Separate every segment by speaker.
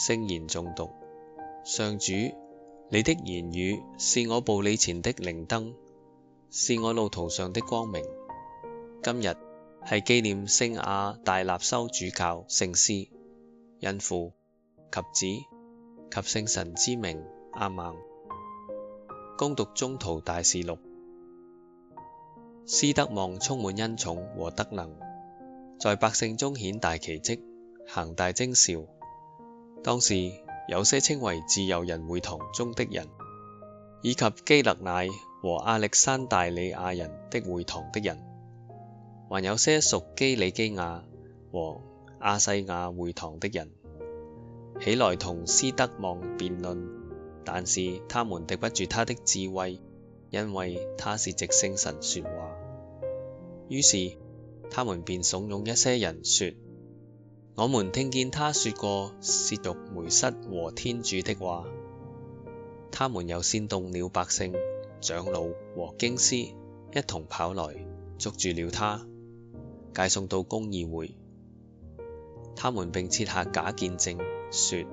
Speaker 1: 聖言誦讀。上主，你的言語是我步履前的靈燈，是我路途上的光明。今日係紀念聖亞大納修主教聖師，因父及子及聖神之名阿孟。恭讀宗徒大事錄，斯德望充滿恩寵和德能，在百姓中顯大奇蹟，行大徵兆。當時，有些稱為自由人會堂中的人，以及基勒乃和亞歷山大里亞人的會堂的人，還有些屬基里基雅和亞細亞會堂的人，起來同斯德望辯論，但是他們敵不住他的智慧，因為他是藉聖神說話。於是他們便慫恿一些人說。我們聽見他說過褻瀆梅瑟和天主的話，他們又煽動了百姓、長老和經師，一同跑來捉住了他，解送到公議會。他們並設下假見證，說：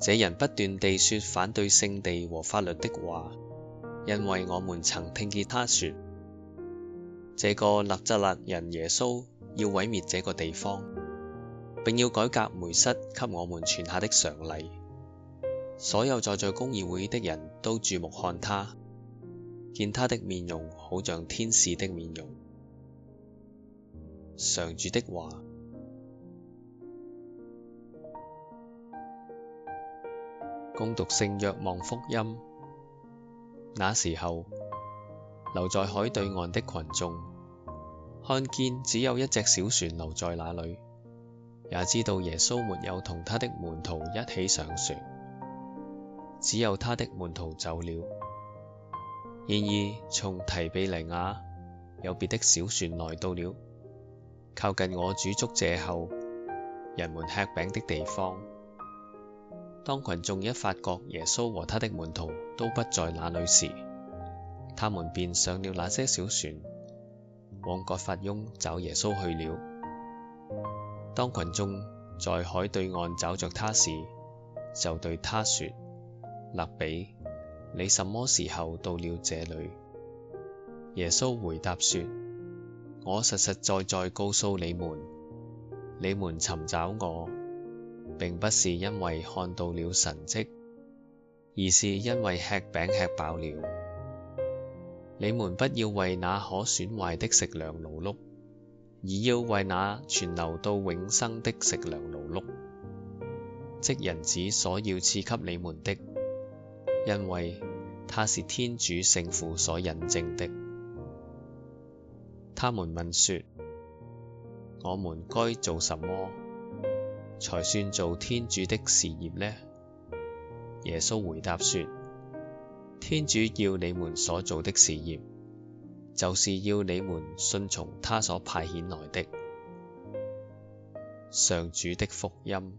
Speaker 1: 這人不斷地說反對聖地和法律的話，因為我們曾聽見他說：這個納匝肋人耶穌要毀滅這個地方。並要改革梅瑟給我們傳下的常例。所有坐在公議會的人都注目看他，見他的面容好像天使的面容。上主的話，恭讀聖若望福音。那時候，留在海對岸的群眾看見只有一隻小船留在那裡。也知道耶穌沒有同他的門徒一起上船，只有他的門徒走了。然而從提庇黎雅有別的小船來到了，靠近我主祝謝後，人們吃餅的地方。當群眾一發覺耶穌和他的門徒都不在那裏時，他們便上了那些小船，往葛法翁找耶穌去了。當群眾在海對岸找着找著他時，就對他說：「辣彼，你什麼時候到了這裡？」耶穌回答說：「我實實在在告訴你們，你們尋找我，並不是因為看到了神蹟，而是因為吃餅吃飽了。你們不要為那可損壞的食糧勞碌。」而要為那存留到永生的食糧勞碌，即人子所要賜給你們的，因為他是天主聖父所印證的。他們問說：我們該做什麼，才算做天主的事業呢？耶穌回答說：天主要你們所做的事業。就是要你們信從他所派遣來的。上主的福音。